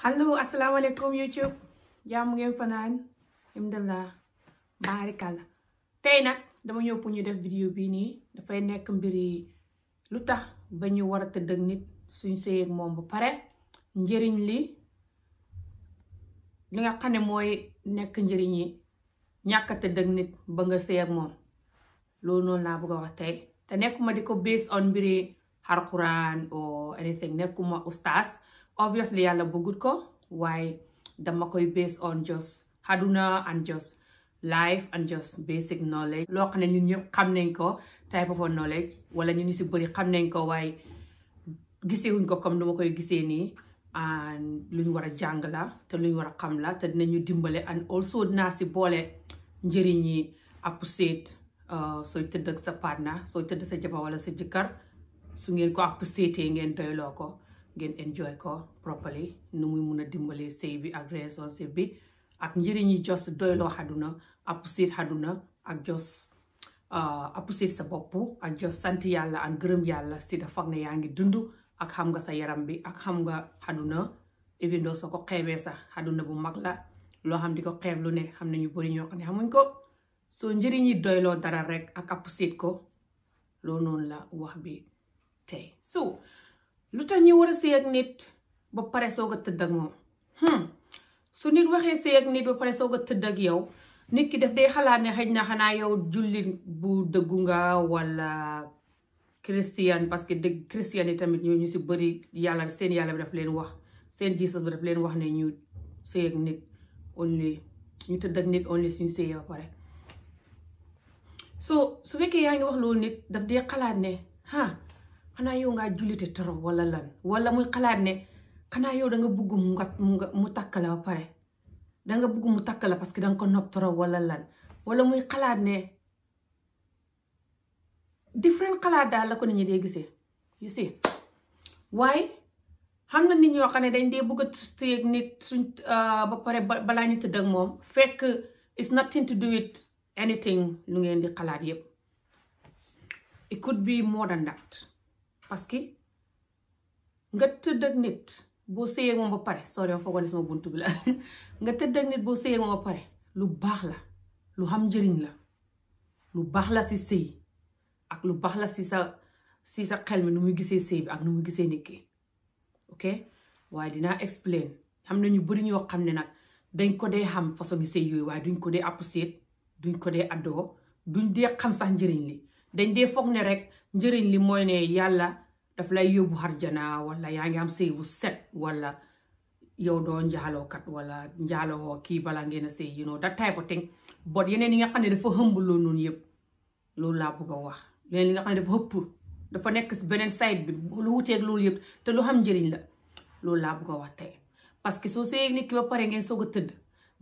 hallo asalaamaaleykum youtube jàmm ngeen fanaan alhamdulilah baarikàlla tey nag dama ñëw pour ñu def vidéo bii nii dafay nekk mbiri lu tax ba ñu war a tëdd suñ sëy moom ba pare njëriñ li li nga xam ne mooy nekk njëriñ yi ñàkk a tëdd ba nga sëy moom loolu noonu laa bëgg a wax tey te nekkuma di ko based on mbiri xarxuraan or anything nekkuma ustaas obviously yàlla bëggut ko waaye dama koy based on just haduna and just life and just basic knowledge loo ne ñun ñëpp xam nañ ko type of knowledge wala ñu ñu si bëri xam nañ ko waaye gisewuñ ko comme dama koy gisee nii lu ñu war a jàng la te lu war a xam la te ñu dimbale an also dinaa si boole njëriñ yi appreciate uh, sooy tëdd ak sa partner soo tëdd sa jabar wala sa jëkkër su ngeen ko appreciate ngeen doyloo ko ngeen enjoy ko properly nu muy mun a dimbalee sëy bi ak resources bi ak njëriñi just doyloo xaduna appreciate xaduna ak just euh, appreciate sa bopp ak just sant yàlla ak gërëm yàlla si da fag ne yaa ngi dund ak xam nga sa yaram bi ak xam nga xaduna even though soo ko xeebee sax xaduna bu mag la loo xam di ko xeeb lu ne xam nañu bëri ñoo xam ne xamuñ ko soo njëriñi doyloo dara rek ak appreciate ko loolu noonu la wax bi tey so lu tax ñu war a sëy nit ba pare soog a tëdd ak moom hmm. su nit waxee sëy ak nit ba pare soog a tëdd ak yow nit ki def day xalaat ne xëj na xanaa yow jullit bu dëggu nga walla christian parce que dëgg christian yi tamit ñoo ñu si bëri yàlla seen yàlla bi daf leen wax seen Jesus bi daf leen wax ne ñu sëy ak nit only ñu tëdd ak nit only suñu sëyee ba pare so su fekkee yaa ngi wax loolu nit daf dee xalaat ne ah xanaa yow ngaa julite torop wala lan wala muy xalaat ne xanaa yow danga nga mu nga takk la ba pare danga nga bugg mu takk la parce que da nga ko nopp torop wala lan wala muy xalaat ne different xalaat daal la ko nit ñi dee gisee you see waaye xam na nit ñoo xam ne dañ dee bëgg a nit ah, ba pare balaa ñu tëdd ak moom fekk it's nothing to do with anything lu ngeen di xalaat yépp it could be more than that parce que nga tëdd nit boo sëyee moom ba pare sorry ma bunt bi la nga tëdd ak nit boo sëyee moom ba pare lu baax la lu xam njëriñ la lu baax la si sëy ak lu baax la si sa si sa xel mi nu muy gisee sëy bi ak nu muy gisee nit ki ok waaye dinaa explain xam na ñu bëri ñoo xam ne nag dañ ko dee xam façon ngi sëy yooyu waaye duñ ko dee apprécier duñ ko dee addoo duñ dee xam sax njëriñ li dañ dee foog ne rek njëriñ li mooy ne yàlla daf lay yóbbu harjana wala yaa ngi am sëy bu set wala yow doo njaalookat wala njaaloo kii bala ngeen a sëy you know that type of but yeneen yi nga xam ne dafa hëmb loolu noonu yëpp loolu laa bëgg wax yeneen yi nga xam ne dafa nekk si beneen side bi lu wuteeg loolu yëpp te lu xam njëriñ la loolu laa bëgg wax tey parce que soo sëyee nit ki ba pare ngeen soog a tëdd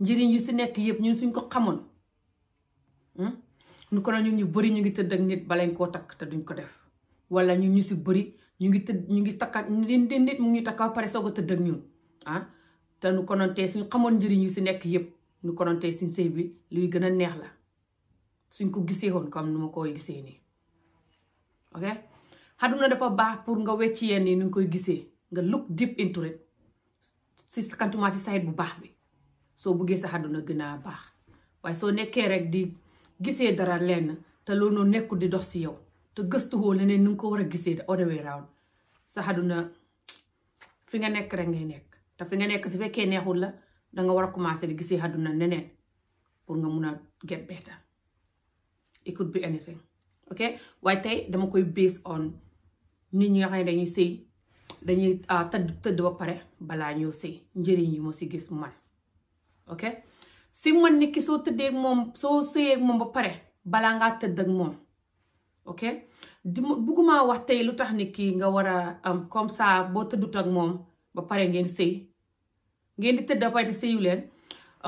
njëriñ yu si nekk yëpp ñun suñ ko xamoon hmm? ñu ko ñun ñu bëri ñu ngi tëdd ak nit balañ koo takk te duñ ko def wala ñun ñu si bëri ñu ngi tëdd ñu ngi takkaat nit nit mu ngi takka pare soog a tëdd ak ñun ah. te nu konoon tey suñu xamoon njëriñ yu si nekk yëpp nu konoon tey suñ sëy bi luy gën a neex la suñ ko gisee woon comme nu ma koy gisee nii ok xaduna dafa baax pour nga wecc yenn ni nu koy gisee nga look deep into si kantumaa si sayit bu baax bi soo buggee sa xaduna gën a baax waaye soo nekkee rek di gisee dara lenn te loolu nekkul di dox si yow te gëstuwoo leneen ni nga ko war a gisee all the way round sa àdduna fi nga nekk rek ngay nekk te fi nga nekk su fekkee neexul la danga war a commencer di gisee àdduna neneen pour nga mun a get better it bi be anything ok waaye tey dama koy based on nit ñi nga ne dañuy sëy dañuy ah, tëdd tëdd ba pare balaa ñoo sëy njëriñ yi moo ci gis man ok si man nit ki soo tëddee moom soo sëyee moom ba pare balaa ngaa tëdd ak moom ok di bugguma wax tey lu tax nit ki nga war a am comme saa boo tëddu ak moom ba pare ngeen sëy ngeen di tëdd ba pare te sëyu leen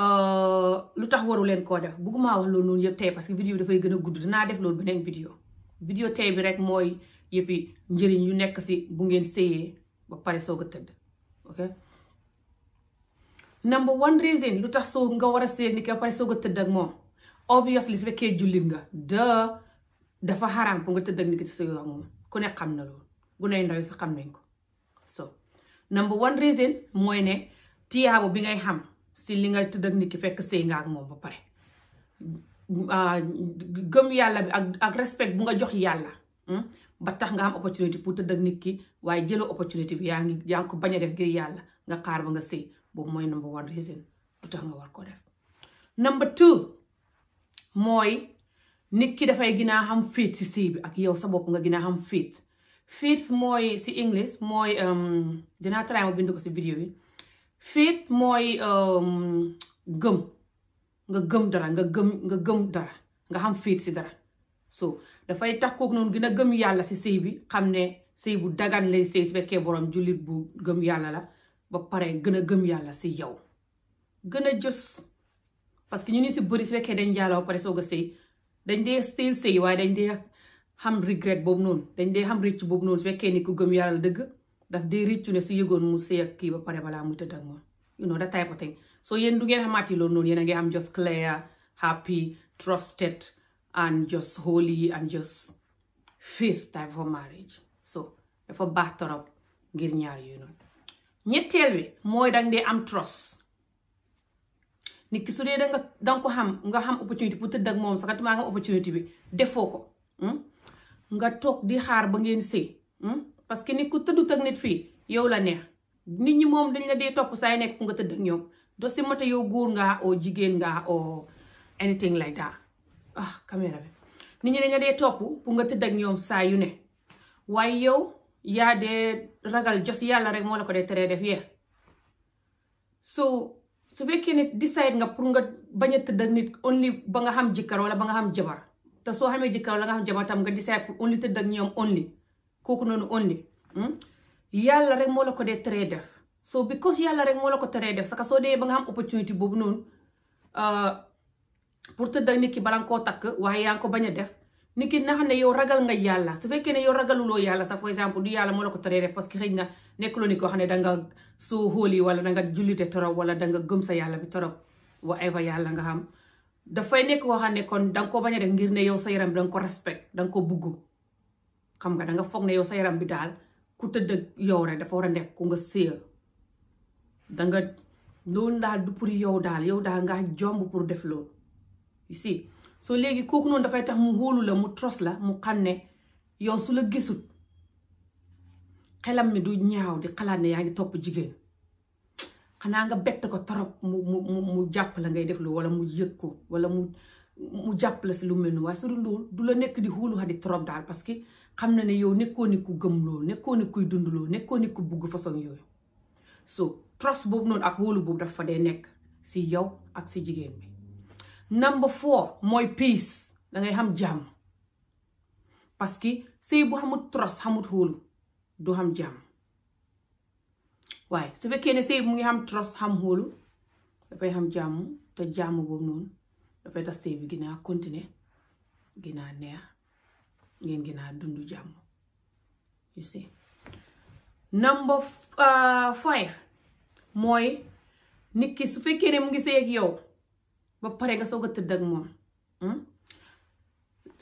euh, lu tax waru leen koo def bugguma wax loolu noonu yëpp tey parce que vidéo dafay gën a gudd dinaa def loolu beneen vidéo vidéo tey bi rek mooy yëppi njëriñ yu nekk si bu ngeen sëyee ba pare soog a tëdd number one reason lu tax soo nga war a seeg ni ka pare soo ko tëdd ak moom obviously su fekkee jullit nga da dafa xaraam pour nga tëdd ak ni ki te sëy ne xam na loolu gune yu ndaw xam nañ ko so number one mooy ne tiyaabo bi ngay xam si li nga tëdd ak nit moom ba pare ah, gëm yàlla bi ak ak respect bu nga jox yàlla hmm, ba tax nga am opportunité pour tëdd ak nit waaye jëloo opportunité bi yaa ngi yaa ngi ko bañ a def ngir yàlla nga xaar ba nga sëy boobu mooy number one reason bu tax nga war ko def number two mooy nit ki dafay gën a xam fit si sëy bi ak yow sa bopp nga gën xam fit fit mooy si english mooy um, bind ko si vidéo bi mooy um, gëm gëm dara nga gëm nga nga xam fit si dara so dafay tax kooku noonu gën a gëm yàlla si sëy bi xam ne sëy bu dagan lay sëy si fekkee borom jullit bu gëm yàlla la ba pare gën a gëm yàlla si yow gën a jës parce que ñu ni si bëri si fekkee dañ jaaloo ba pare soog a sëy dañ dee still sëy waaye dañ dee xam regret boobu noonu dañ dee xam rëcc boobu noonu su fekkee ni ku gëm yàlla dëgg daf dee rëccu ne si yëgoon mu sëy ak kii ba pare balaa mu tëdd ak moom you know that type of thing so yéen du ngeen xamaati loolu noonu yéen a ngi am just clear happy trusted and just holy and just faith type of marriage baax torop ngir ñaar yooyu ñetteel wi mooy dang dee am tros nit ki su dee danga danga ko xam nga xam opportunité pour tëdd ak moom sax nga am opportunité bi defoo ko hmm? nga toog di xaar ba ngeen sëy hmm? parce que nit ku tëddut ak nit fii yow la neex nit ñi moom dañ la dee topp saa yi nekk ku nga tëdd ak ñoom doo si mata yow góor ngaa oo jigéen ngaa oo anything like that ah caméra bi nit ñi dañ la dee topp pour nga tëdd ñoom saa yu ne waaye yow yaa dee ragal jos yàlla rek moo la ko dee teree def yee so su fekkee ne decide nga pour nga bañ a tëdd ak nit only ba nga xam jikkar wala ba nga xam jabar te soo xamee jëkkër wala nga xam jabar tam nga decide pour only tëdd ak ñoom only kooku noonu only hmm? yàlla rek moo la ko dee teree def so because yàlla rek moo la ko teree def saka soo demee ba nga xam opportunité boobu noonu uh, pour tëdd ak nit ki bala nga koo takk waaye yaa ngi ko bañ a def nit ki na xam ne yow ragal nga yàlla su fekkee ne yow ragaluloo yàlla sax par exemple du yàlla moo la ko teree def parce que xëy na nekk ni koo xam ne danga soo xóoli wala danga jullite torop wala danga gëm sa yàlla bi torop whatever yàlla nga xam dafay nekk koo kon danga ko bañ a ngir ne yow sa yaram bi danga ko respect danga ko bugg xam nga danga foog ne yow sa yaram bi daal ku tëdd yow rek dafa war a nekk ku nga séer danga loolu daal du pour yow daal yow daal nga jomb pour def loolu soo léegi kooku noonu dafay tax mu wóolu la mu tros la mu xam ne yow su la gisul xelam mi du ñaaw di xalaat ne yaa ngi topp jigéen xanaa nga bett ko torop mu mu mu jàpp la ngay def lu wala mu yëg ko wala mu mu jàpp la si lu mel ni waaye su dul loolu du la nekk di wóolu xa di daal parce que xam na ne yow nekkoo ni ku gëm loolu nekkoo ni kuy dund loolu nekkoo ni ku bugg façon yooyu so tros boobu noonu ak wóolu boobu dafa fa dee nekk si yow ak si jigéen bi number four mooy peace da ngay xam jàmm parce que sëy bu xamut trust xamut xóolu du xam jàmm waaye su fekkee ne sëy mu ngi xam trust xam xóolu dafay xam jàmm te jàmm boobu noonu dafay tax sëy bi gën a continuer gën a neex ngeen gën a dund jàmm you see number uh, five mooy nit ki su fekkee ne mu ngi sëy ak yow ba pare nga soog a tëdd moom hmm?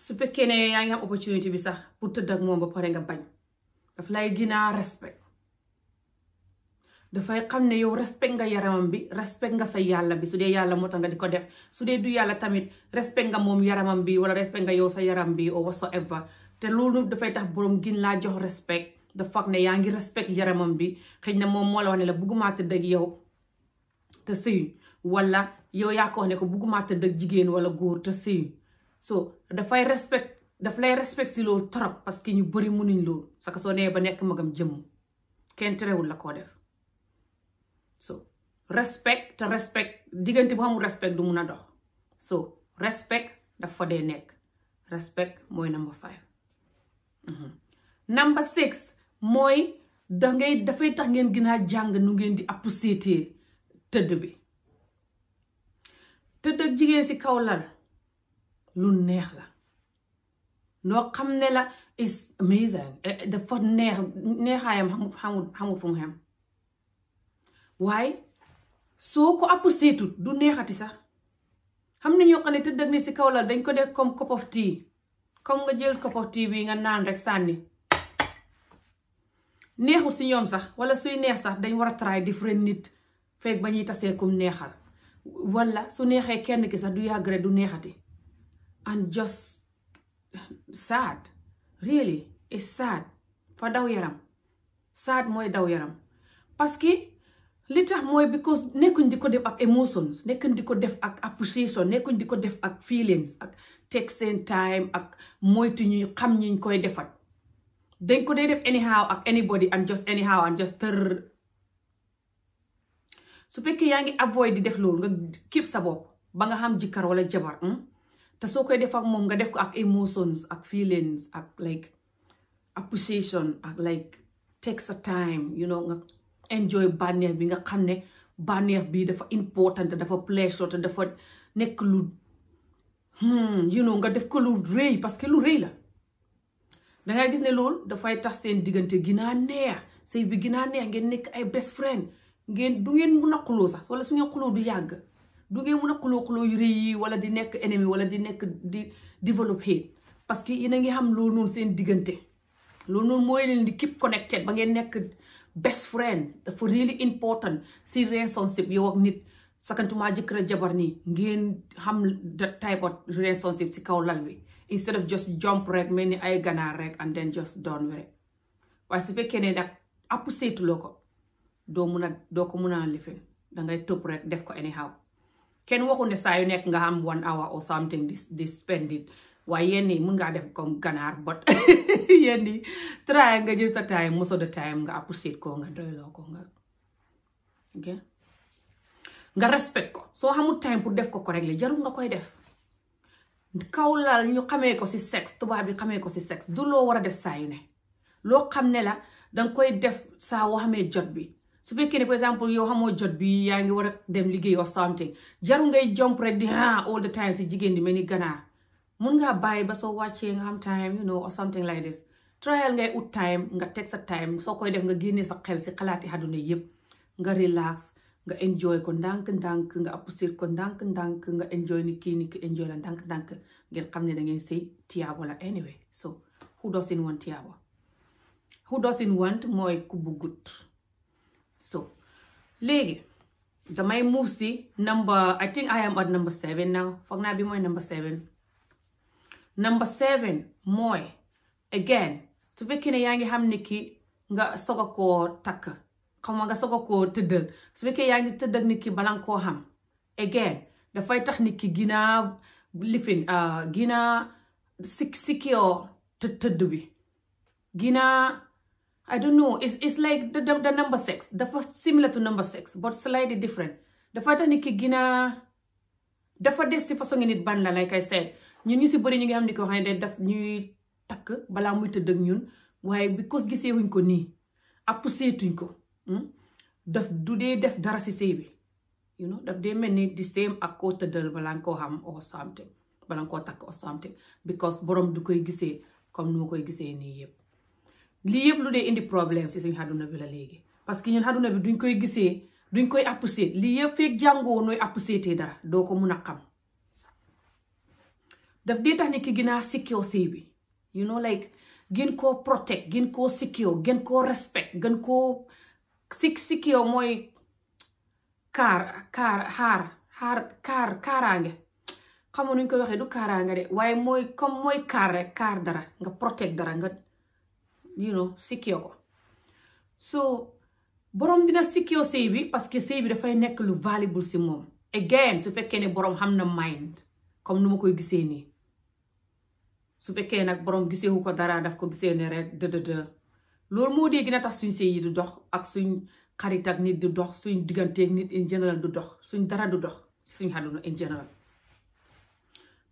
su fekkee ne yaa ngi am opportunité bi sax pour tëdd moom ba pare nga bañ daf lay gën respect dafay xam ne yow respect nga yaramam bi respect nga sa yàlla bi su dee yàlla moo tax nga di ko def su dee du yàlla tamit respect nga moom yaramam bi wala respect nga yow sa yaram bi or whatsoever te loolu dafay tax borom gin laa jox respect dafa fag ne yaa ngi respect yaramam bi xëy na moom moo la wax ne la bëgguma tëdd ak yow te walla yow yaa wax ne ko bugguma tëdd ak jigéen wala góor te sëyu so dafay respect daf lay respect si loolu trop parce que ñu bëri munuñ loolu parce que soo nee ba nekk magam jëmm kenn terewul la koo def so respect te respect diggante bu xamul respect du mun a dox soo respect daf fa dee nekk respect mooy number five mhm. six mooy da dafay tax ngeen gën a jàng nu ngeen di apprécier tëdd bi tëdd ak jigéen ci kaw lal lu neex la noo xam ne la is amazing eh, dafa neex neexaayam xamul xamul fu waaye soo ko app seetut du neexati sax xam ne ñoo xam ne tëdd ak ni ci kaw lal dañ ko def comme cup comme nga jël cup of bi nga naan rek sànni neexut ci ñoom sax wala suy neex sax dañ war a try different nit feeg ba ñuy tasee kum neexal wala su neexee kenn ki sax du yàgg du neexati and just sad really it's sad fa daw yaram sad mooy daw yaram parce que li tax mooy because nekkuñ di ko def ak emotions nekkuñ di ko def ak appreciation nekkuñ di ko def ak feelings ak take seen time ak moytu ñu xam ñuñ koy defat dañ ko dee def anyhow ak anybody and just anyhow and just su fekkee yaa ngi avoid di def loolu nga keep sa bopp ba nga xam jikkar wala jabar hmm? te soo koy def moom nga def ko ak emotions ak feelings ak like appreciation ak like take sa time you know nga bi nga xam ne bànneex bi dafa important dafa pleasure te nekk lu hmm, you know nga def ko lu rëy parce que lu rëy la dangay gis ne loolu dafay tax seen diggante gi naa neex sëy bi gi naa neex ngeen nekk ay best friend ngeen du ngeen mun a xuloo sax wala su ngeen xuloo du yàgg du ngeen mun a xuloo xuloo yu rëy yi wala di nekk ennemi wala di nekk di développer parce que yéen a ngi xam loolu noonu seen diggante loolu noonu mooy leen di keep connected ba ngeen nekk best friend dafa really important si relationship yow ak nit sakantuma jëkkër a jabar nii ngeen xam type of relationship ci kaw lal wi instead of just jump rek mel ni ay ganaar rek and then just doon rek waaye su fekkee ne nag seetuloo ko doo mun a doo ko mun a lifin dangay tëb rek def ko anyhow kenn waxu ne saa yu nekk nga am one hour or something di waaye yenn yi mun ngaa def comme ganaar bot yenn yi try nga jël sa time most of the time nga appreciate ko nga doyloo ko soo xamul time pour def ko ko rek la nga koy def kaw laal ñu xamee ko si sexe tubaab bi xamee ko si sexe du loo war a def saa ne loo xam ne la danga koy def saa woo xamee jot bi su fekkee ne par exemple yow jot bi yaa ngi war a dem liggéey or something jaru ngay jomp rek di ah all the time si jigéen di mel ni ganaar mun ngaa bàyyi ba soo wàccee nga xam time you know or something like this trial ngay ut time nga teg sa time soo koy def nga génnee sa xel si xalaati àdduna yëpp nga relax nga enjoy ko ndànk ndànk nga apprécier ko ndànk ndànk nga enjoy ni kii ni ki enjoy la ndànk ndànk ngeen xam ne da ngeen sëy tiyaabo la anyway so who doesn't want want mooy so léegi damay move si number I think I am at number seven foog naa bi mooy number seven number seven mooy again su fekkee ne yaa ngi xam ne ki nga soog a takk xam nga soog a koo tëddal su fekkee yaa ngi tëddal nit ki balan koo xam again dafay tax niki ki ginaa lifin ah, ginaa sik sikiyoo të tëdd bi I don't know it's it's like the, the, the number six dafa similar to number six but slightly different dafa tax nit dafa des ci façon nit ban la like I said ñun ñu si bëri ñu ngi xam ne ko xam ne daf ñuy takk balaa muy tëdd ak ñun waaye because gisee wuñ ko nii app seetuñ ko hmm? daf du dee def dara si sëy bi you know daf dee mel ni di same ak ko tëddal bala nga koo xam o something balaa nga koo takk or something because borom du koy gisee comme nu ma koy gisee nii yëpp. lii yëpp lu dee indi problème si suñu àdduna bi la léegi parce que ñun àdduna bi duñ koy gisee duñ koy apprécier lii yëpp fekk jàngoo nooy apprécier dara doo ko mun a xam daf dee tax ni ki gën a secure bi you know like gën koo protect gën koo secure gën koo respect gën koo sik secure mooy kaar kaar xaar xaar kaar kaaraange xamoon nuñ koy waxee du kaaraange de waaye mooy comme mooy kaar kaar dara nga protect dara you know secure ko so borom dina secure sëy bi parce que sëy bi dafay nekk lu valuable si moom again su fekkee ne borom xam na mind comme nu ma koy gisee nii su fekkee nag borom giseewu ko dara daf ko gisee ne rek dëdëdë loolu moo dee gën tax suñ sëy yi du dox ak suñ xarit ak nit du dox suñ digganteeg nit in général du dox suñ dara du dox suñ xaduna in général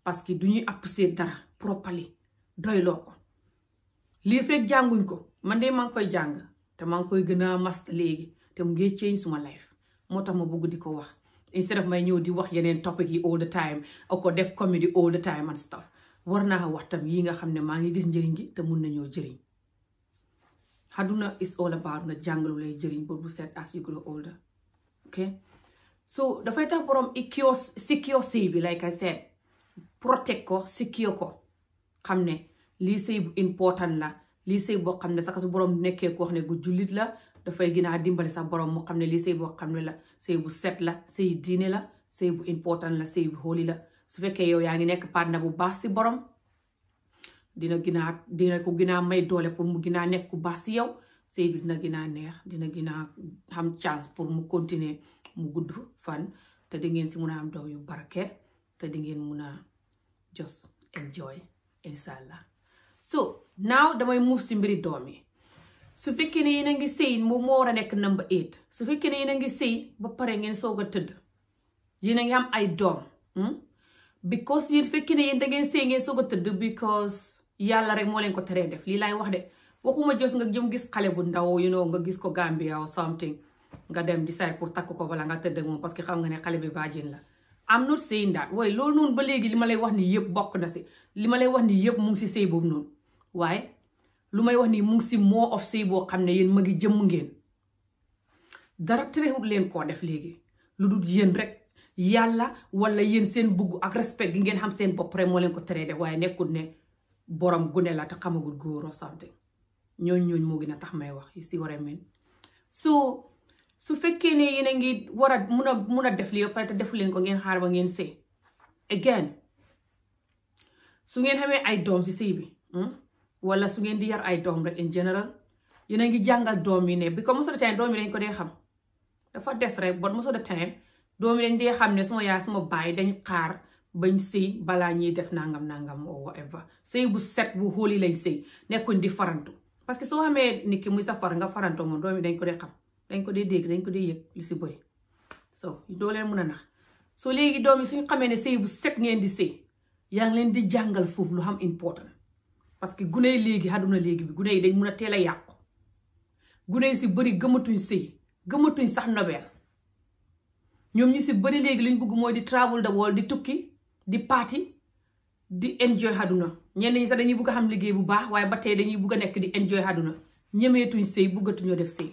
parce que du ñuy apprécier dara properly doyloo ko lii fekk jànguñ ko man de maa ngi koy jàng te maa ngi koy gën a mast léegi tam mu ngi change suma life moo tax ma bëgg di ko wax instead of may ñëw di wax yeneen topic yi all the time ak ko def comedy all the time and stuff war naa wax yi nga xam ne maa ngi gis njëriñ gi te mun nañoo jëriñ àdduna is all about nga jàngalu lay jëriñ bët bu set as older ok so dafay tax borom secure si bi lay I said protect ko secure ko xam ne lii sëy bu important la lii sëy boo xam ne sax su borom nekkee koo xam ne gu jullit la dafay ginaa dimbali sax borom mu xam ne lii sëy boo xam ne la sëy bu la sëy diine la sëy bu important la sëy bu xooli la su fekkee yow yaa ngi nekk partenaire bu baax si borom dina ginaa a dina ko may doole pour mu ginaa nekk ku baax si yow sëy bi dina ginaa neex dina gën xam chance pour mu continuer mu gudd fan te di ngeen si mun a am doom yu barke te di ngeen mun a just enjoy incha so now damay move si mbiri doom yi su fekkee ne yéen a ngi sëy moo war a nekk number eight su fekkee ne yéen a ngi sëy ba pare ngeen soog a tëdd yéen a ngi am ay doom hmm? because yéen fekkee ne yéen da ngeen sëy ngeen soog a tëdd because yàlla rek moo leen ko teree def lii laay wax de waxuma jos nga jëm gis xale bu ndaw yi know nga gis ko Gambia or something nga dem decide pour takk ko bala nga tëdd ak moom parce que xam nga ne xale bi virgin la am not saying that waaye loolu noonu ba léegi li ma lay wax ni yëpp bokk na si li ma lay wax ni yëpp mu si sëy boobu waaye lu may wax nii mu ngi moo of sëy xam ne yéen ma ngi jëmm ngeen dara terewut leen koo def léegi lu dul yéen rek yàlla wala yéen seen bugg ak respect gi ngeen xam seen bopp rek moo leen ko teree def waaye nekkul ne borom gune la te xamagul góoroo something ñooñ ñooñ moo gën a tax may wax si war a mel su fekkee ne yéen a ngi war a mun a a def lii ba pare te defu leen ko ngeen xaar ba ngeen sëy again su ngeen xamee ay doom si sëy bi hmm? wala su ngeen di yar ay doom rek in général yéen a ngi jàngal doom yi ne bi ko most of the time doom yi dañ ko dee xam dafa des rek but most of the time doom yi dañ dee xam ne suma yaay suma baay dañ xaar bañ sëy balaa ñuy def nangam nangam or whatever sëy bu set bu xooli lañ sëy nekkuñ di farantu parce que soo xamee nit ki muy sa far nga farantoo moom doom yi dañ ko dee xam dañ ko dee dégg dañ ko dee yëg li si bëri so doo leen mën a nax so léegi doom yi suñ xamee ne sëy bu set ngeen di sëy yaa leen di jàngal foofu lu xam important parce que gune yi léegi àdduna léegi bi gune yi dañ mun a teel a yàqu gune yi si bëri gëmatuñ sëy gëmatuñ sax nobel ñoom ñu si bëri léegi liñ bëgg mooy di travel the world di tukki di party di enjoy àdduna ñenn ñi sax dañuy bëgg xam liggéey bu baax waaye ba tey dañuy bëgg nekk di enjoy àdduna ñemeetuñ sëy bëggatuñoo def sëy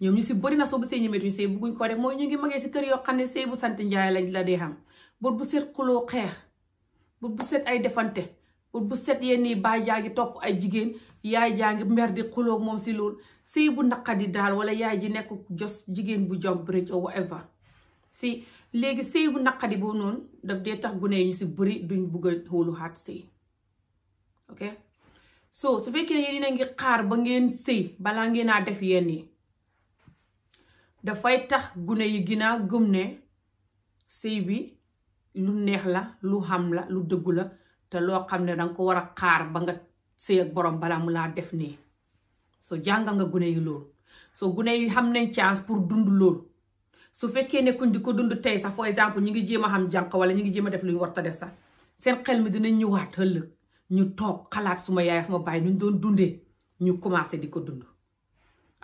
ñoom ñi si bëri na soo gisee ñemeetuñ sëy bëgguñ ko def mooy ñu ngi magee si kër yoo xam ne sëy bu sant njaay lañ la dee xam bët bu set xuloo xeex bët bu set ay defante ut bu set yenn yi baay jaa ngi topp ay jigéen yaay jaa ngi mer di xuloo moom si loolu sëy bu naqadi daal wala yaay ji nekk jos jigéen bu jom bridge or si léegi sëy bu naqadi boo noonu daf dee tax gune yi ñu si bëri duñ bugg a xaat sëy soo su fekkee ne yéen a ngi xaar ba ngeen sëy balaa ngeen a def yenn yi dafay tax gune yi ginaa gëm ne sëy bi lu neex la lu xam la lu dëggu la te loo xam ne danga ko war a xaar ba nga sëy ak boroom balaa mu laa def nii soo jànga nga gune yi lool soo gune yi xam nañ chance pour dund lool su fekkee ne kuñ di ko dund tey sax for exemple ñu ngi jéem a xam jànq wala ñu ngi jéem a def lu ñu war ta def sax seen xel mi dinañ ñëwaat ëllëg ñu toog xalaat suma yaay suma baay ñu doon dundee ñu commencé di ko dund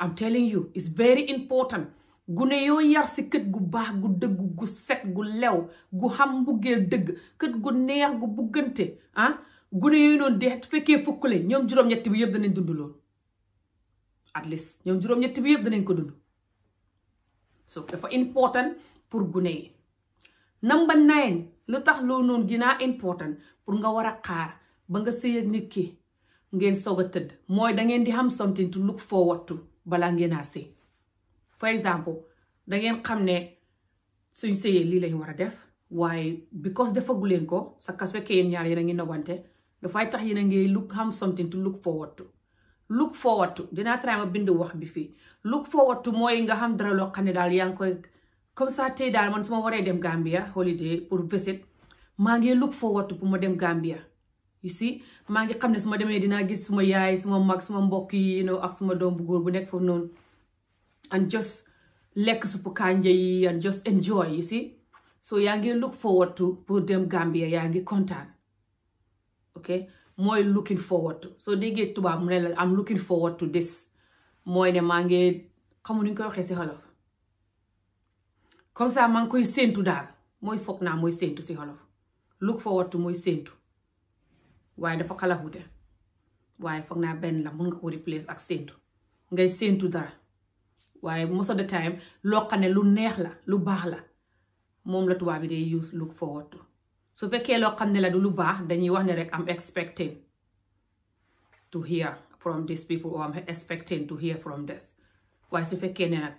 I'm telling you it's very important gune yoo yar si kët gu baax gu dëgg gu set gu lew gu xam mbuggee dëgg kët gu neex gu buggante ah gune yooyu noonu de fekkee fukk le ñoom juróom-ñett bi yëpp danañ dund loolu at least ñoom juróom bi yëpp danañ ko dund so dafa important pour gune yi number nine lu tax loolu noonu dinaa important pour nga war a xaar ba nga sëy ak nit ki ngeen soog a tëdd mooy da ngeen di xam something to look forward to balaa ngeen a sëy for exemple dangeen xam ne suñ sëyee lii lañ war a def waaye because defagu leen ko sa kas fekkee yéen ñaar yéen a ngi nobante dafay tax yéen a ngi look xam something to look forward to look forward to dinaa try ma bind wax bi fii look forward to mooy nga xam dara loo xam ne daal yaa ngi koy comme ça tey daal man su ma waree dem Gambia holiday pour visit maa ngi look forward to pour ma dem Gambia you see maa ngi xam ne su ma demee dinaa gis suma yaay suma mag suma mbokk yi you ak suma doom góor bu nekk foofu noonu and just lekk suppu kànja yi and just enjoy you see so yaa ngi look forward to pour dem Gambia yaa ngi kontaan ok mooy looking forward to so déggee tubaab am looking forward to mooy ne maa ngi xamu nu koy waxee si xolof comme ça maa ngi koy séentu daal mooy foog naa mooy séentu si xolof look forward to mooy séentu waaye dafa xalaxute waaye foog naa benn la mun nga ko replace ak séentu ngay séentu dara waaye most of the time loo xam ne lu neex la lu baax la moom la tubaab bi day use look forward to su fekkee loo xam ne la du lu baax dañuy wax ne rek am expecting to hear from these people or am expecting to hear from this waaye su fekkee ne nag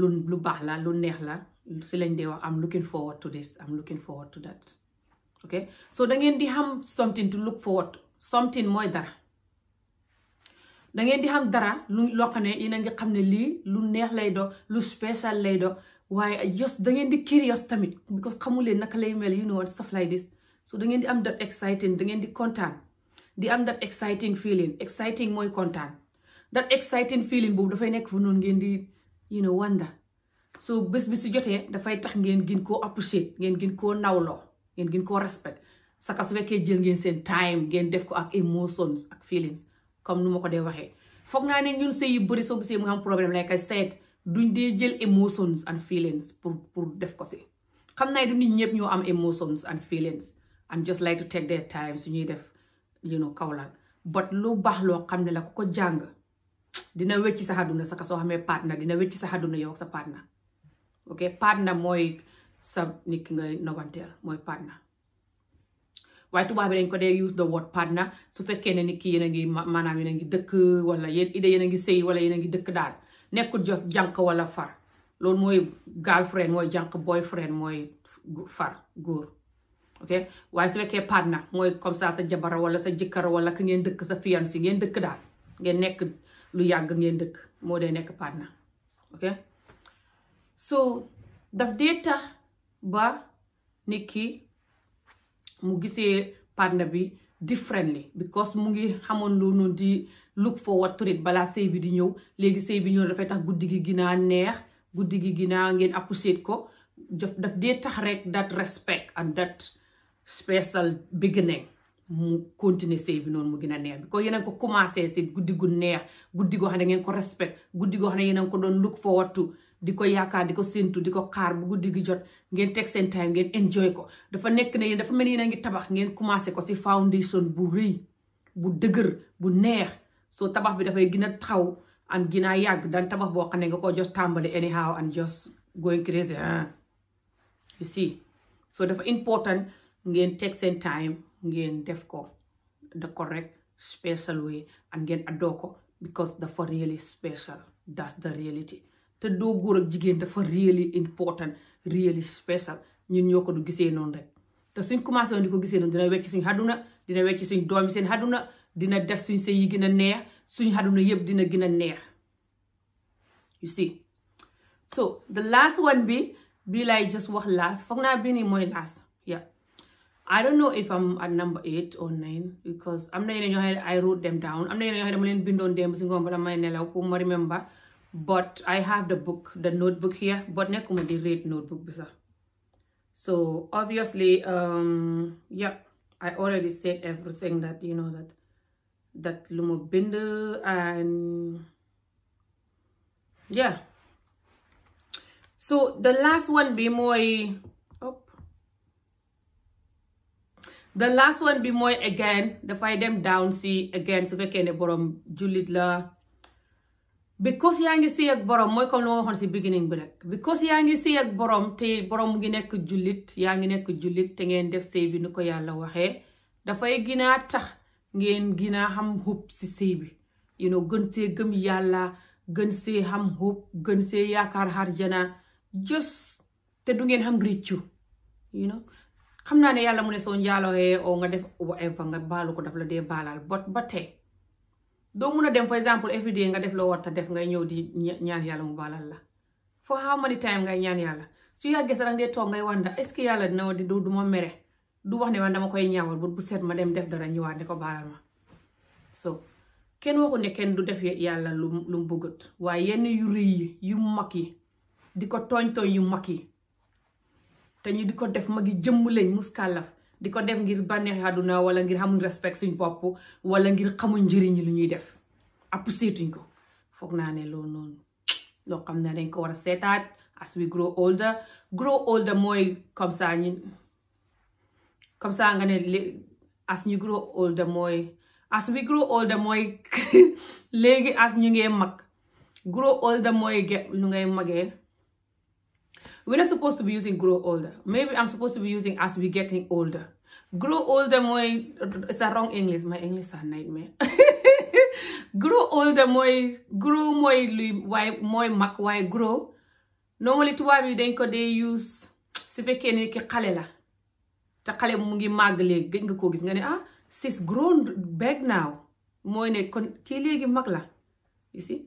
lu lu baax la lu neex la si lañ dee wax am looking forward to this am looking forward to that ok so da ngeen di xam something to look forward to something mooy dara da ngeen di xam dara lu loo xam ne yéen a ngi xam ne lii lu neex lay doo lu spécial lay do waaye yos da ngeen di curious tamit because xamuleen naka lay mel you know and stuff like this so da ngeen di am that da ngeen di kontaan di am that exciting feeling exciting mooy kontaan that exciting feeling boobu dafay nekk fu noonu ngeen di you know wonder so bés bi si jotee dafay tax ngeen gin koo appreciate ngeen gin koo nawloo ngeen gën koo respect saka su fekkee jël ngeen seen time ngeen def ko ak emotions ak feelings comme nu ma ko dee waxee foog naa ne ñun sëy yu bëri soo gisee mu am problème lay kay seet duñ dee jël emotions and feelings pour pour def ko si xam naa du nit ñëpp ñoo am emotions and feelings and just like to take their time su ñuy def you know kawlaal but lu baax loo xam ne la ko ko jàng dina wecci sa àdduna saka soo xamee partner dina wecci sa àdduna yow ak sa partner ok partner mooy sa nit ki ngay nobanteel mooy partner waaye tubaab bi dañ ko dee use the word partner ne ki yéen a a ngi dëkk wala yéen ide yéen a ngi sëy ngi dëkk daal nekkul jos jànq wala far loolu mooy girlfriend mooy jànq boyfriend mooy far góor ok su fekkee partner mooy comme ça sa jabara wala sa jëkkër wala ngeen dëkk sa fiancé ngeen dëkk daal ngeen nekk lu yàgg ngeen dëkk moo dee nekk partner ok so daf dee tax ba nit ki mu gisee na bi differently because mu ngi xamoon loolu nu di look forward to it balaa sëy bi di ñëw léegi sëy bi ñëw dafay tax guddi gi ginaa neex guddi gi ginaa ngeen appreciate ko daf dee tax rek that respect and that special beginning mu continuer sëy bi noonu mu gën a neex bi ko yeneen ko commencé si guddi gu neex guddi goo ne ngeen ko respect guddi goo yeneen ko doon look forward to di ko yaakaar di ko séntu di ko xaar bu guddi gi jot ngeen teg seen time ngeen enjoy ko dafa nekk ne yéen dafa mel ni a ngi tabax ngeen commencé ko si foundation bu rëy bu dëgër bu neex soo tabax bi dafay gën a taxaw an gën yàgg daan tabax boo xam ne nga tàmbali anyhow and just going crazy ah. so dafa important ngeen teg seen time ngeen def ko da correct special way and ngeen addoo ko because dafa really special that's the reality te doo góor ak jigéen dafa really important really special ñun ñoo ko du gisee noonu rek te suñ commencé woon ko gisee noonu dina wecc suñ xaduna dina wecc suñ doomi seen xaduna dina def suñ sëy yi gën a neex suñ xaduna yëpp dina gina neex you see so the last one bi bii laay just wax last foog naa bii nii mooy last yeah I don't know if am na yeneen ñoo xam ne I wrote down am na yeneen ñoo xam si ngoon bala may nelaw remember but I have the book, the notebook here, but nekuma di read notebook bisa. So obviously, um, yeah, I already said everything that, you know, that, that lumo binder and yeah. So the last one be moy, oh, the last one be moy again, the fight them down, see again, so we can borom julit la, because yaa ngi sëy ak borom mooy comme lu ma waxoon si beginning bi rek because yaa ngi si ak borom te borom mu ngi nekk jullit yaa ngi nekk jullit te ngeen def sëy bi ni ko yàlla waxee dafay ginaa tax ngeen ginaa xam xub si sëy bi you gën see gëm yàlla gën see xam xub gën see yaakaar harjana just te du ngeen xam réccu you know yàlla mu ne soo njaalooxee nga def whatever nga ko daf la dee baalaal bot ba doo mun a dem for exemple every day nga def loo warta def ngay ñëw di ñaan yàlla mu baalal la for how many time ngay ñaan yàlla su yàggee sax dee toog ngay wanda est ce que yàlla dina di du ma mere du wax ne man dama koy ñaawal bu bu set ma dem def dara ñëwaat ne ko baalal ma so kenn waxu ne kenn du def yàlla lu lu mu waaye yenn yu rëy yi yu mag yi di ko tooñ tooñ yu mag yi te ñu di ko def mag magi jëmm lañ muskàllaf di ko def ngir bànneexi àdduna wala ngir xamuñ respect suñ bopp wala ngir xamuñ njëriñ lu ñuy def appréciétuñ ko foog naa ne loolu noonu loo xam ne dañ ko war a seetaat as we grow older grow older mooy comme ça ñun comme as ñu grow older mooy as we grow older mooy léegi as ñu ngee mag grow older mooy ge lu ngay magee we're not supposed to be using grow older maybe i'm supposed to be using as we getting older grow older mooy it's a wrong english my english is a nightmare grow older mooy grow mooy waaye mooy mag waaye grow normally tubaab yi dañ ko dee use si fekkee ni ki xale la te xale mu ngi màgg léegi gëj nga koo gis nga ne ah she's grown big now mooy ne kon kii léegi mag la you see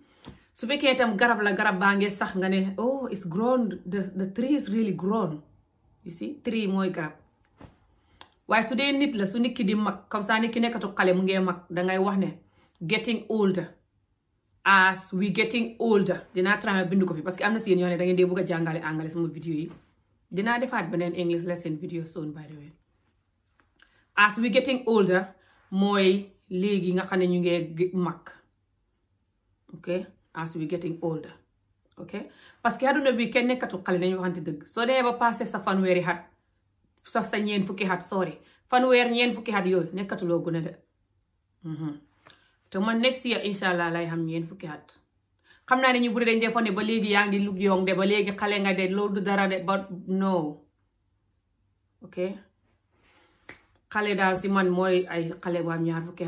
su fekkee itam garab la garab baa ngi sax nga ne oh it's grown the the tree is really grown you mooy garab waaye su dee nit la su nit ki di mag comme ça nit ki nekkatu xale mu ngee mag dangay wax ne getting older as we getting older dina tram bindu ko fi parce que am na si yéen ne da ngeen dee bëgg a jàngale anglais sama vidéo yi dinaa defaat beneen english lesson video soon by the way as we getting older mooy léegi nga xam ne ñu ngee mag ok as we getting older ok parce que adduna bi kenn nekkatul xale nañu waxante dëgg soo dee ba passé sa fanweeri xat saf sa ñeen fukki xat sorry fanweer ñeen fukki xat yooyu nekkatuloo gune de mhm. te man next year incha lay xam ñeen fukki xat xam naa ne ñu buri dañ defoon ba léegi yaa ngi lug yoon de ba léegi xale nga de loolu du dara de ba no ok xale daal si man mooy ay xale bu am ñaar fukki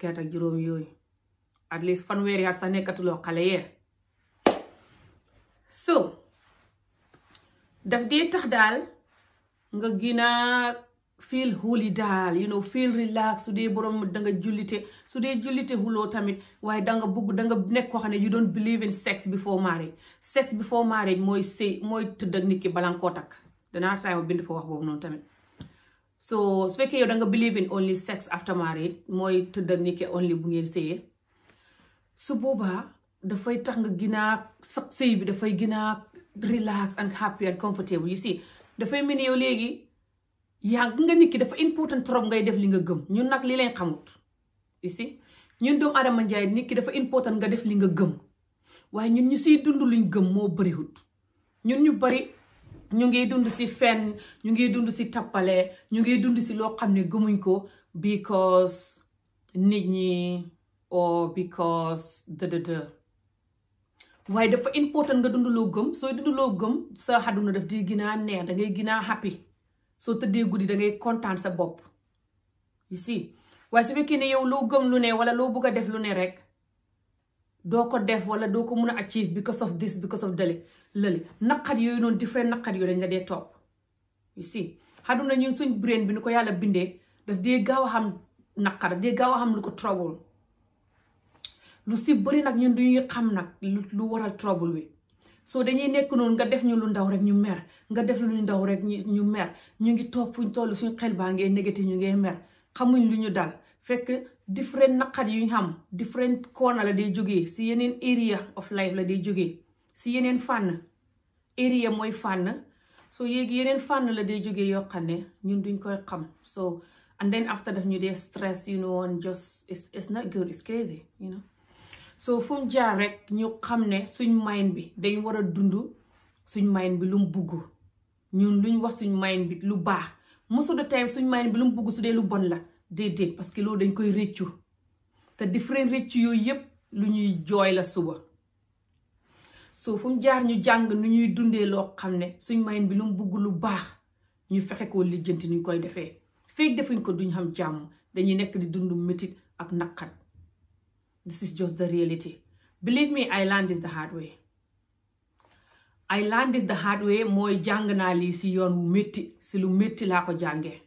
xat ak juróom yooyu at least fanweeri at sax nekkatuloo xale yee so daf dee tax daal nga gina feel holy daal you know feel relax su dee borom danga nga jullite su dee jullite huloo tamit waaye danga nga bugg da nga xam ne you don't believe in sex before marriage sex before marriage mooy sëy mooy tëdd ak nit ki takk danaa try ma bind fa wax boobu noonu tamit so su fekkee yow da nga believe in only sex after marriage mooy tëdd ak nit only bu ngeen su boobaa dafay tax nga ginaa sax sëy bi dafay ginaa relax and happy and comfortable you si dafay mel ni léegi yaa nga nit ki dafa important trop ngay def li nga gëm ñun nag li leen xamut you see ñun doomu Adama Njaay nit ki dafa important nga def li nga gëm waaye ñun ñu siy dund luñ gëm moo bëriwut ñun ñu bari ñu ngi dund si fen ñu ngi dund si tappale ñu ngi dund si loo xam ne gëmuñ ko because nit ñi or because da da da waaye dafa important nga dund loo gëm sooy dund loo gëm sa àdduna daf di gën a neex da ngay gën a happy soo tëddee guddi dangay ngay kontaan sa bopp you see waaye su fekkee ne yow loo gëm lu ne wala loo bëgg a def lu ne rek doo ko def wala doo ko mun a achieve because of this because of dale lële naqar yooyu noonu different naqar yooyu dañ dee topp you see àdduna ñun suñ brain bi nu ko yàlla bindee daf dee gaaw a xam naqar daf dee gaaw a xam lu ko trouble lu si bëri nag ñun duñuy xam nag lu waral trouble wi soo dañuy nekk noonu nga def ñu lu ndaw rek ñu mer nga def lu ndaw rek ñu mer ñu ngi toog fuñ toll suñu xel baa ngee négatif ñu ngee mer xamuñ lu ñu dal fekk different naqar yu ñu xam different corner la day jóge si yeneen area of life la day jógee si yeneen fànn area mooy fànn soo yéegi yeneen fànn la day jóge yoo xam ne ñun duñ koy xam so and then after daf ñu dee stress you know and just not good it's soo fu mu jaar ñu xam ne suñ mayin bi dañ war a dund suñ mayin bi lu bugg ñun luñ wax suñ mayin bi lu baax mosu de tey suñ mayin bi lu mu bugg bon la déedéet parce que loolu dañ koy réccu te different réccu yooyu yépp lu ñuy jooy suba so jaar ñu jàng nu ñuy dundee loo xam ne suñ mayin bi lu bugg lu baax ñu fexe koo lijjanti ñu koy defee feeg defuñ ko duñ xam jàmm dañuy nekk di dund métit ak naqat This is just the reality. Believe me, I learned the hard way. I the hard mooy jàng naa lii si yoon wu métti si lu métti laa ko jàngee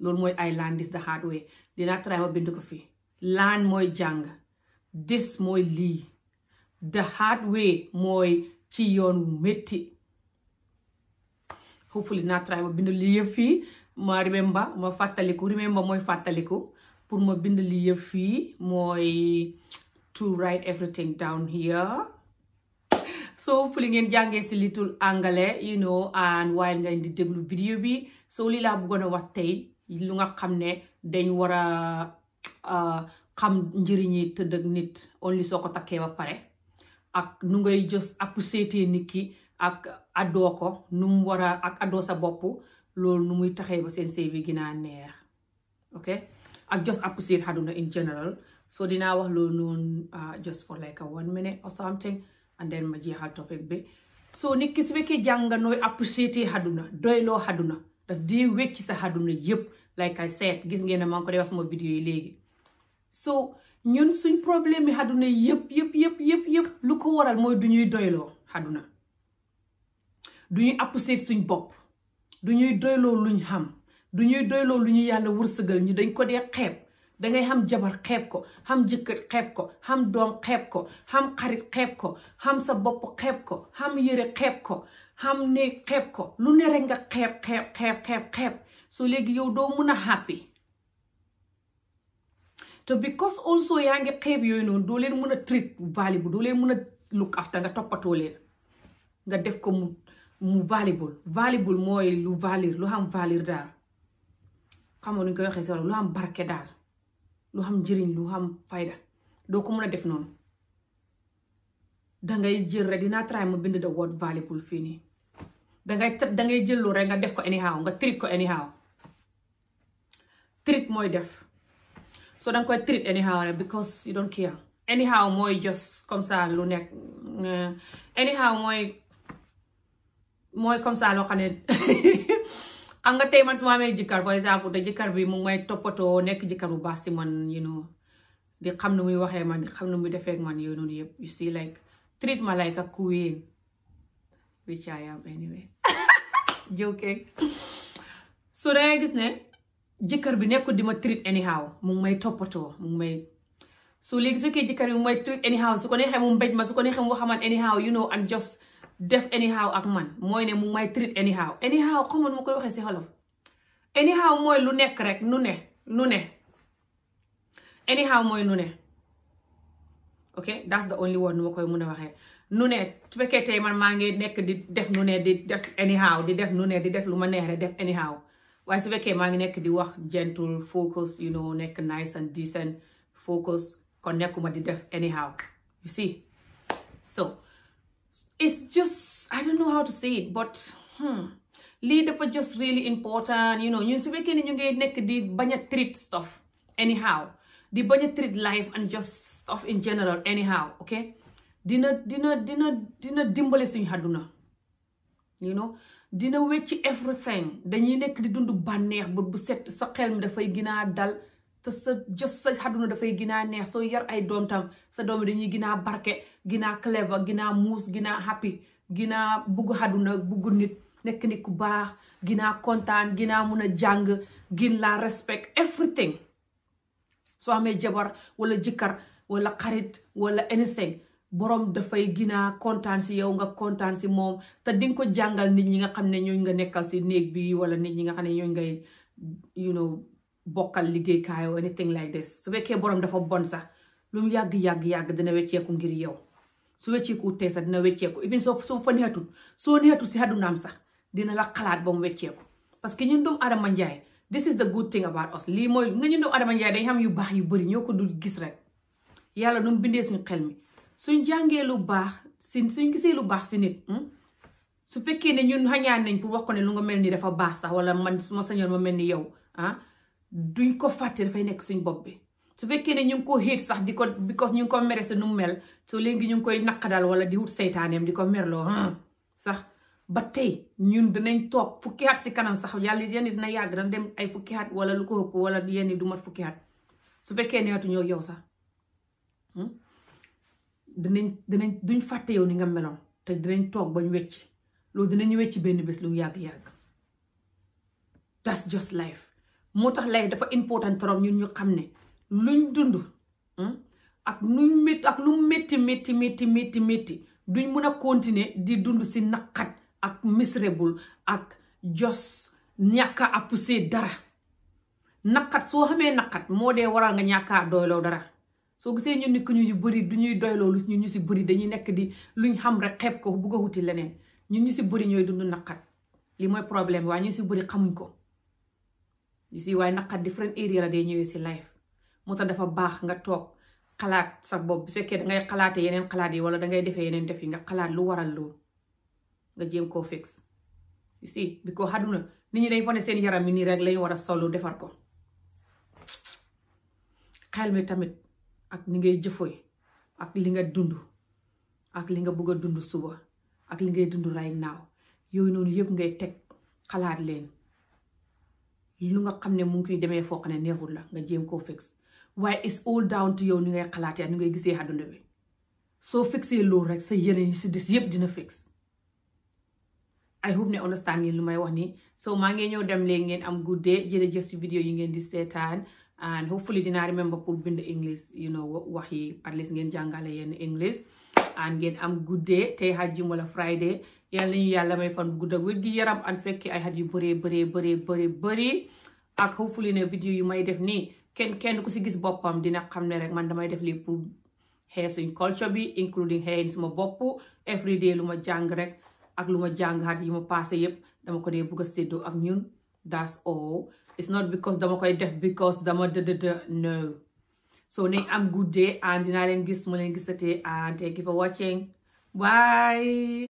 loolu mooy I learned this the hard way dinaa try ma bind fii learn mooy jàng this mooy lii the hard mooy ci yoon wu métti hopefully dinaa try ma bind lii fii ma remember ma fàttaliku remember mooy fàttaliku pour ma bind li yëpp fii mooy to write everything down here so hopefully ngeen jàngee si little anglais you know and while ngeen di déglu vidéo bi so lii laa bëggoon a wax tey lu nga xam ne dañ war a uh, xam njëriñ yi tëdd ak nit only soo ko takkee ba pare ak nu ngay jos apprécier nit ki ak addoo ko nu mu war a ak addoo sa bopp loolu nu muy taxee ba seen sëy bi neex ak just appreciate Haduna in general soo dinaa wax loolu a jos for like a one minute or something and then ma jeexal topic bi soo nit ki su fekkee jàng nooy appreciate Haduna doyloo Haduna daf di wecc sa Haduna yëpp like I said gis ngeen ne maa ngi ko dee wax ñun suñ problème yi yëpp yëpp yëpp yëpp yëpp lu ko waral mooy du ñuy doyloo Haduna du ñuy appreciate suñ bopp du ñuy doyloo luñ xam du ñuy doyloo lu ñu yàlla wërsëgal ñu dañ ko dee xeeb dangay xam jabar xeeb ko xam jëkkër xeeb ko xam doom xeeb ko xam xarit xeeb ko xam sa bopp xeeb ko xam yëre xeeb ko xam néeg xeeb ko lu ne nga xeeb xeeb xeeb xeeb so léegi yow doo mun a happy te because also yaa ngi xeeb yooyu noonu doo leen mën a treat valuable doo leen mën a look after nga toppatoo leen nga def ko mu mu valuable valuable mooy lu valeur lu xam valeur daal xamoon ni koy waxee si lu am barke daal lu xam njëriñ lu am fayda doo ko mën a def noonu dangay jël rek dinaa try ma bind the word valuable fii nii dangay tat dangay jël lu rek nga def ko anyhow nga treat ko anyhow treat mooy def so danga koy treat anyhow rek because you don't care anyhow mooy just comme ça lu nekk eh, anyhow mooy mooy comme ça loo xam ne xam nga tey man su ma amee jëkkër par exemple te jëkkër bi mu may toppatoo nekk jëkkër bu baax si man you xam nu muy waxee man xam nu muy defee man yooyu noonu yëpp you see like treat me like a queen which I anyway joking so dangay gis ne bi nekkul di ma treat anyhow mu may toppatoo mu ngi may so léegi su fekkee jëkkër bi mu may treat anyhow su ko neexee mu mbéj ma su ko neexee mu wax anyhow you know and just def anyhow ak man mooy ne mu may treat anyhow anyhow xamoon ma koy waxee si xolof anyhow mooy lu nekk rek nu ne nu ne anyhow mooy nu ne ok that's the only word nu koy mun a waxee nu ne su fekkee tey man maa ngi nekk di def nu ne di def anyhow di def nu ne di def lu ma neex def anyhow waaye su fekkee maa ngi nekk di wax gentle focus you know nekk nice and decent focus kon nekkuma di def anyhow you see it's just I don't know how to say it but hmm, lii dafa just really important you know ñu si fekkee ni ñu ngi nekk di bañ a treat stuff anyhow di bañ a treat life and just stuff in general anyhow okay dina dina dina dimbale suñu àdduna you know dina wecci everything dañuy nekk di dund bànneex bu set sa mi dafay gën dal te sa jos sa xaduna dafay ginaa neex soo yar ay doom sa doom dañuy ginaa barke ginaa clever ginaa muus ginaa happy ginaa bugg xaduna bugg nit nekk nit ku baax ginaa kontaan ginaa mun a jàng gin la respect everything soo amee jabar wala jëkkër walla xarit wala anything borom dafay ginaa kontaan si yow nga kontaan si moom te di ko jàngal nit ñi nga xam ne ñooñ nga nekkal si néeg bi wala nit ñi nga xam ne ñooñ nga you know bokkal liggéeykaay or anything like this su fekkee borom dafa bon sax lu mu yàgg yàgg yàgg dina wecceeku ngir yow su wecceeku tey sax dina wecceeku even soo soo fa neexatul soo neexatul si àddunaam sax dina la xalaat ba mu wecceeku parce que ñun doomu Adama Njaay this is the lii mooy nga ñun doomu dañ xam yu baax yu bari ñoo ko dul gis rek yàlla nu bindee suñu xel mi suñ jàngee lu baax si suñ gisee lu baax si nit hmm? su fekkee ne ñun xañaan nañ pour wax ko ne lu nga mel ni dafa baax sax wala man ma sañoon ma mel ni yow ah duñ ko fàtte dafay nekk suñ bopp bi su fekkee ne ñu ngi ko xiit sax di ko because ñu ngi ko mere si nu mu mel so léegi ñu ngi koy naqadal wala di wut seytaaneem di ko merloo sax ba tey ñun dinañ toog si kanam sax yàlla yenn dina yàgg dana dem ay fukki wala lu ko ëpp wala yenn du mat fukki su fekkee neexatuñoo yow sax hmm? dinañ dinañ duñ fàtte ni nga meloon te dinañ toog bañ wecc loolu dinañ wecc benn bés lu yàgg-yàgg that's just life moo tax lay dafa important trop ñun ñu xam ne luñ dund hmm, ak luñ métti ak lu métti métti métti métti duñ mun a continuer di dund si naqat ak miserable ak jos ñàkk a pousser dara naqat soo xamee naqat moo dee waral nga ñàkk a dara soo gisee ñun nit ku ñu bari du ñuy doyloo ñu ñu si bëri dañuy nekk di luñ xam rek xeeb ko bugg a wuti leneen ñun ñu si bëri ñooy dund naqat li mooy problème waaye ñu si bëri xamuñ ko. you see waaye naqar different area la ñëwee si life moo tax dafa baax nga toog xalaat sax bopp bu fekkee dangay xalaat yeneen xalaat yi wala dangay defee yeneen def yi nga xalaat lu waral loolu nga jéem koo fix you see bi ko xaduna nit ñi dañ fa ne seen yaram mi nii rek lañu war a sollu defar ko xel mi tamit ak ni ngay jëfoy ak li nga dund ak li nga bëgg a dund suba ak li ngay dund right now yooyu noonu yëpp ngay teg xalaat leen lu nga xam ne mu ngi koy demee foo xam ne neexul la nga jéem koo fix waaye it's all down to yow ni ngay xalaatee ak ni ngay gisee àdduna bi soo fixee loolu rek sa yeneen yi si des yëpp dina fix I hope ne understand ngeen lu may wax ni soo maa ngi ñëw dem le ngeen am good day jërëjëf si vidéo yi ngeen di seetaan and hopefully dinaa remember pour bind English yi know wax yi at least ngeen jàngale yenn English and ngeen am good day tey xajjum wala Friday yàlla ñu yàlla may fan bu gudd ak wér gi yaram an fekki ay xat yu bëree bëree bëree bëree bëri ak hopefully ne vidéo yu may def nii kenn kenn ku si gis boppam dina xam ne rek man damay def lii pour xeer suñ culture bi including xeer sama bopp everyday lu ma jàng rek ak lu ma jàng yi ma passé yépp dama ko dee bëgg séddoo ak ñun that's all it's not dama koy def because dama dëdëdë no so nañ am good day and dinaa leen gis mu leen gisatee and thank you watching bye